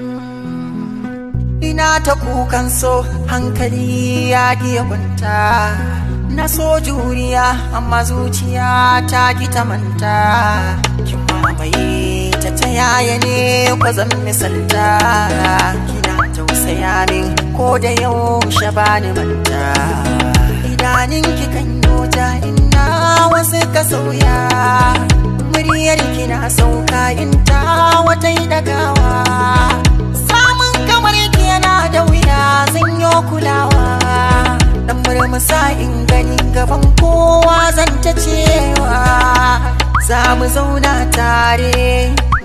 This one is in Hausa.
Mm. Ina ta kukan so hankali ya ya kwanta Na so juriya amma zuciya ta ki ta manta ki mamaye ta ta yaya ne kwazon misalta Kina tausaya min ko da yaushe bani manta Idanin ki kan ka sauya muryar na sauka in ta wata yi dagawa samun kamar ki yana da wuya zan yi kulawa dan murmusa in gani gaban kowa zan ta cewa za mu zauna tare